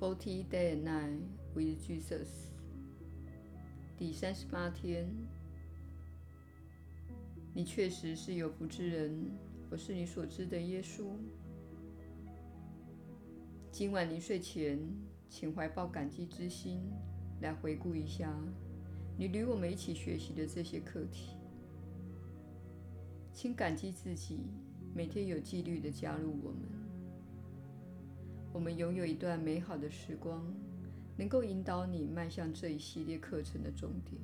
Forty day and night with Jesus. 第三十八天，你確實是有福之人。我是你所知的耶穌。今晚臨睡前，請懷抱感激之心來回顧一下你與我們一起學習的這些課題。請感激自己每天有紀律地加入我們。我們擁有一段美好的時光，能夠引導你邁向這一系列課程的終點。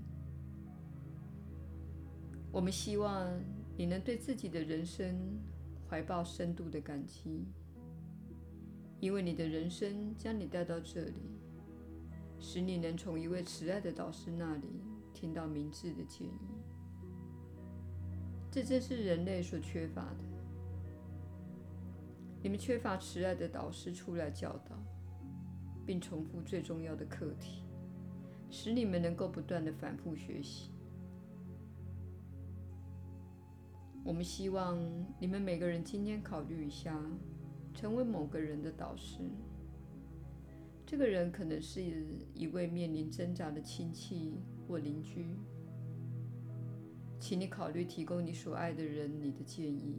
我們希望你能對自己的人生懷抱深度的感激，因為你的人生將你帶到這裡，使你能從一位慈愛的導師那裡聽到明智的建議。這正是人類所缺乏的。你們缺乏慈愛的導師出來教導，並重複最重要的課題，使你們能夠不斷地反復學習。我們希望你們每個人今天考慮一下，成為某個人的導師。這個人可能是一位面臨掙扎的親戚或鄰居。請你考慮提供你所愛的人你的建議。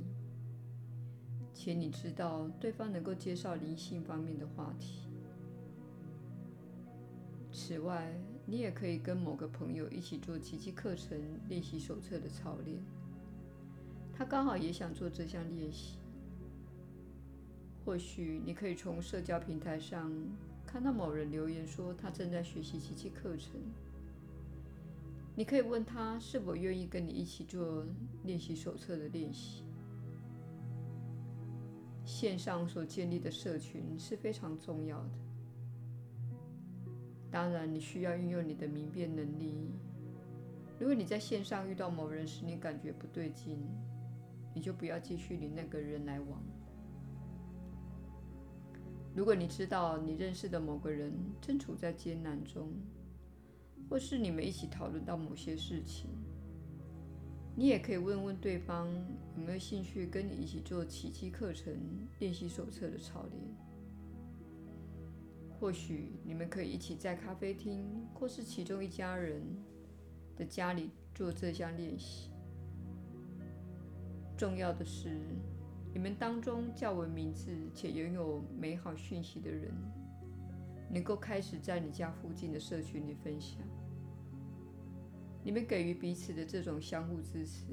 且你知道對方能夠接受靈性方面的話題。此外，你也可以跟某個朋友一起做奇蹟課程練習手冊的操練，他剛好也想做這項練習。或許你可以從社交平台上看到某人留言說他正在學習奇蹟課程，你可以問他是否願意跟你一起做練習手冊的練習。線上所建立的社群是非常重要的。當然，你需要運用你的明辨能力。如果你在線上遇到某人使你感覺不對勁，你就不要繼續與那個人來往。如果你知道你認識的某個人正處在艱難中，或是你們一起討論到某些事情，你也可以問問對方有沒有興趣跟你一起做奇蹟課程練習手冊的操練。或許你們可以一起在咖啡廳，或是其中一家人的家裡做這項練習。重要的是，你們當中較為明智且擁有美好訊息的人，能夠開始在你家附近的社群裡分享。你們給予彼此的這種相互支持，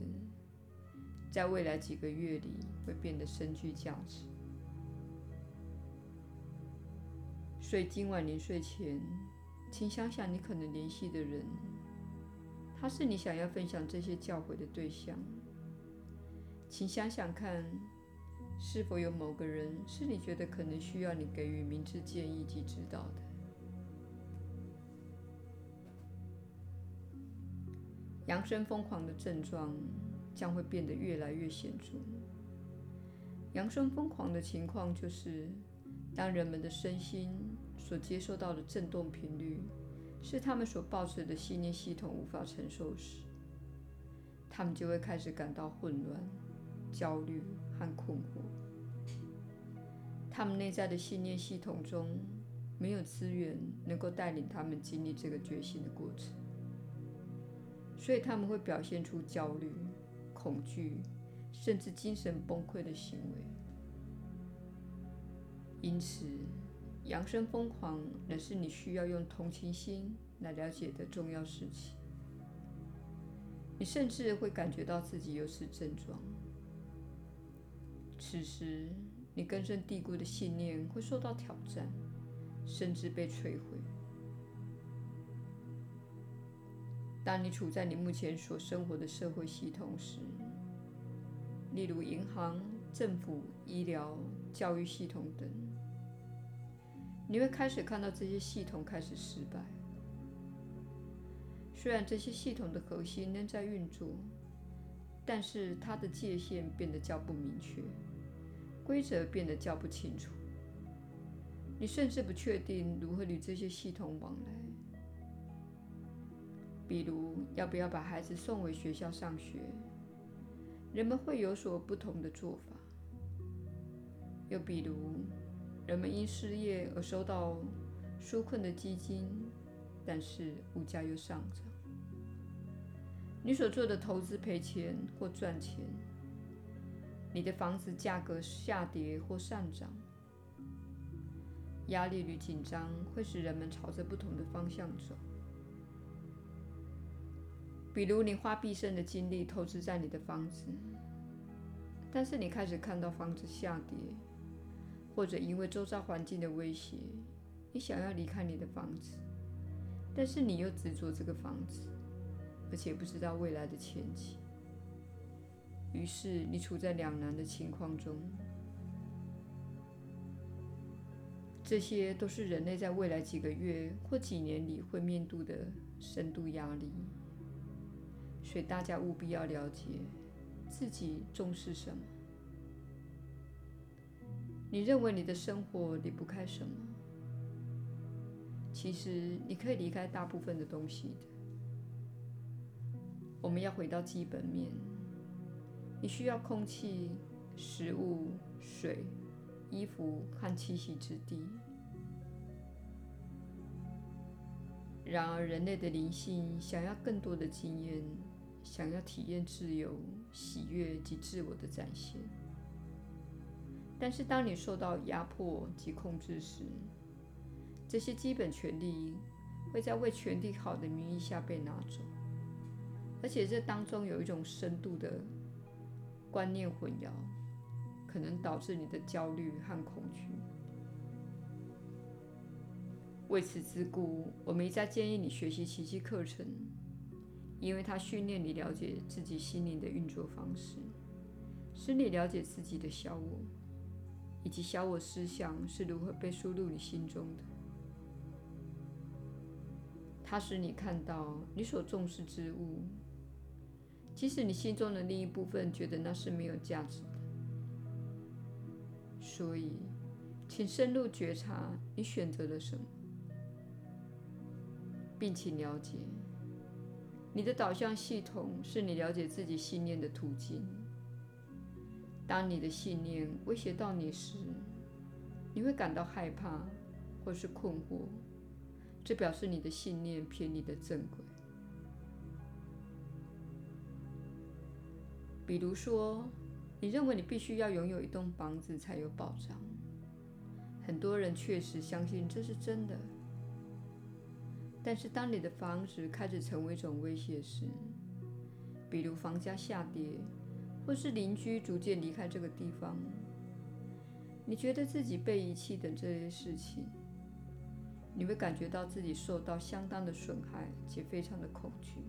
在未來幾個月裡會變得深具價值。所以今晚臨睡前，請想想你可能聯繫的人，他是你想要分享這些教誨的對象。請想想看，是否有某個人是你覺得可能需要你給予明智建議及指導的。揚升瘋狂的症狀將會變得越來越顯著。揚升瘋狂的情況就是，當人們的身心所接受到的振動頻率是他們所抱持的信念系統無法承受時，他們就會開始感到混亂、焦慮和困惑。他們內在的信念系統中沒有資源能夠帶領他們經歷這個覺醒的過程。所以他們會表現出焦慮、恐懼，甚至精神崩潰的行為。因此，揚升瘋狂乃是你需要用同情心來了解的重要事情。你甚至會感覺到自己有此症狀，此時你根深蒂固的信念會受到挑戰，甚至被摧毀。當你處在你目前所生活的社會系統時，例如銀行、政府、醫療、教育系統等，你會開始看到這些系統開始失敗。雖然這些系統的核心仍在運作，但是它的界限變得較不明確，規則變得較不清楚。你甚至不確定如何與這些系統往來。比如，要不要把孩子送回學校上學？人們會有所不同的做法。又比如，人們因失業而收到紓困的基金，但是物價又上漲。你所做的投資賠錢或賺錢，你的房子價格下跌或上漲，壓力與緊張會使人們朝着不同的方向走。比如，你花畢生的精力投資在你的房子，但是你開始看到房子下跌，或者因為周遭環境的威脅，你想要離開你的房子，但是你又執着這個房子，而且不知道未來的前景，於是你處在兩難的情況中。這些都是人類在未來幾個月或幾年裡會面對的深度壓力。所以大家務必要了解，自己重視什麼。你認為你的生活離不開什麼？其實你可以離開大部分的東西的。我們要回到基本面，你需要空氣、食物、水、衣服和棲息之地。然而，人類的靈性想要更多的經驗。想要體驗自由、喜悅及自我的展現，但是當你受到壓迫及控制時，這些基本權利會在為全體好的名義下被拿走，而且這當中有一種深度的觀念混淆，可能導致你的焦慮和恐懼。為此之故，我們一再建議你學習奇蹟課程。因為它訓練你了解自己心靈的運作方式，使你了解自己的小我以及小我思想是如何被輸入你心中的。它使你看到你所重視之物，即使你心中的另一部分覺得那是沒有價值的。所以，請深入覺察你選擇了什麼，並請了解。你的導向系統是你了解自己信念的途徑。當你的信念威脅到你時，你會感到害怕或是困惑，這表示你的信念偏離了正軌。比如說，你認為你必須要擁有一棟房子才有保障，很多人確實相信這是真的。但是，當你的房子開始成為一種威脅時，比如房價下跌，或是鄰居逐漸離開這個地方，你覺得自己被遺棄等這些事情，你會感覺到自己受到相當的損害，且非常的恐懼。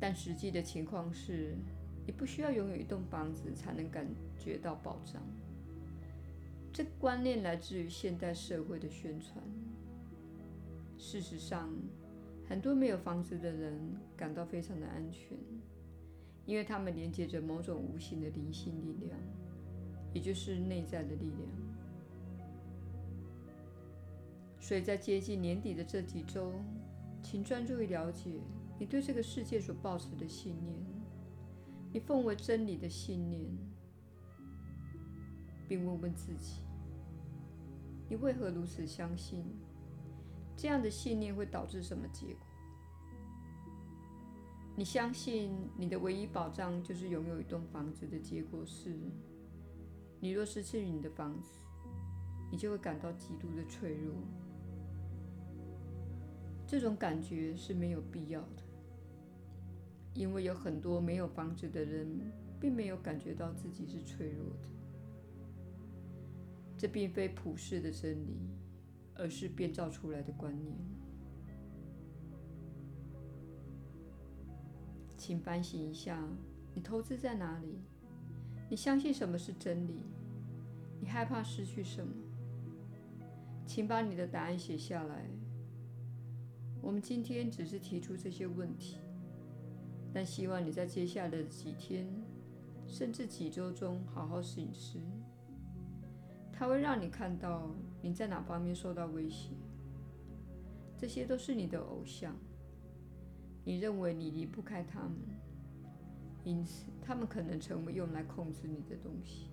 但實際的情況是，你不需要擁有一棟房子才能感覺到保障。這觀念來自於現代社會的宣傳。事實上，很多沒有房子的人感到非常的安全，因為他們連接着某種無形的靈性力量，也就是內在的力量。所以在接近年底的這幾周，請專注於了解你對這個世界所抱持的信念，你奉為真理的信念，並問問自己。你為何如此相信？這樣的信念會導致什麼結果？你相信你的唯一保障就是擁有一棟房子的結果是，你若失去你的房子，你就會感到極度的脆弱。這種感覺是沒有必要的，因為有很多沒有房子的人，並沒有感覺到自己是脆弱的。這並非普世的真理，而是編造出來的觀念。請反省一下：你投資在哪裡？你相信什麼是真理？你害怕失去什麼？請把你的答案寫下來。我們今天只是提出這些問題，但希望你在接下來的幾天甚至幾周中好好深思。他會讓你看到你在哪方面受到威脅，這些都是你的偶像，你認為你離不開他們，因此他們可能成為用來控制你的東西。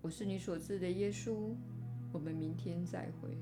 我是你所知的耶穌，我們明天再會。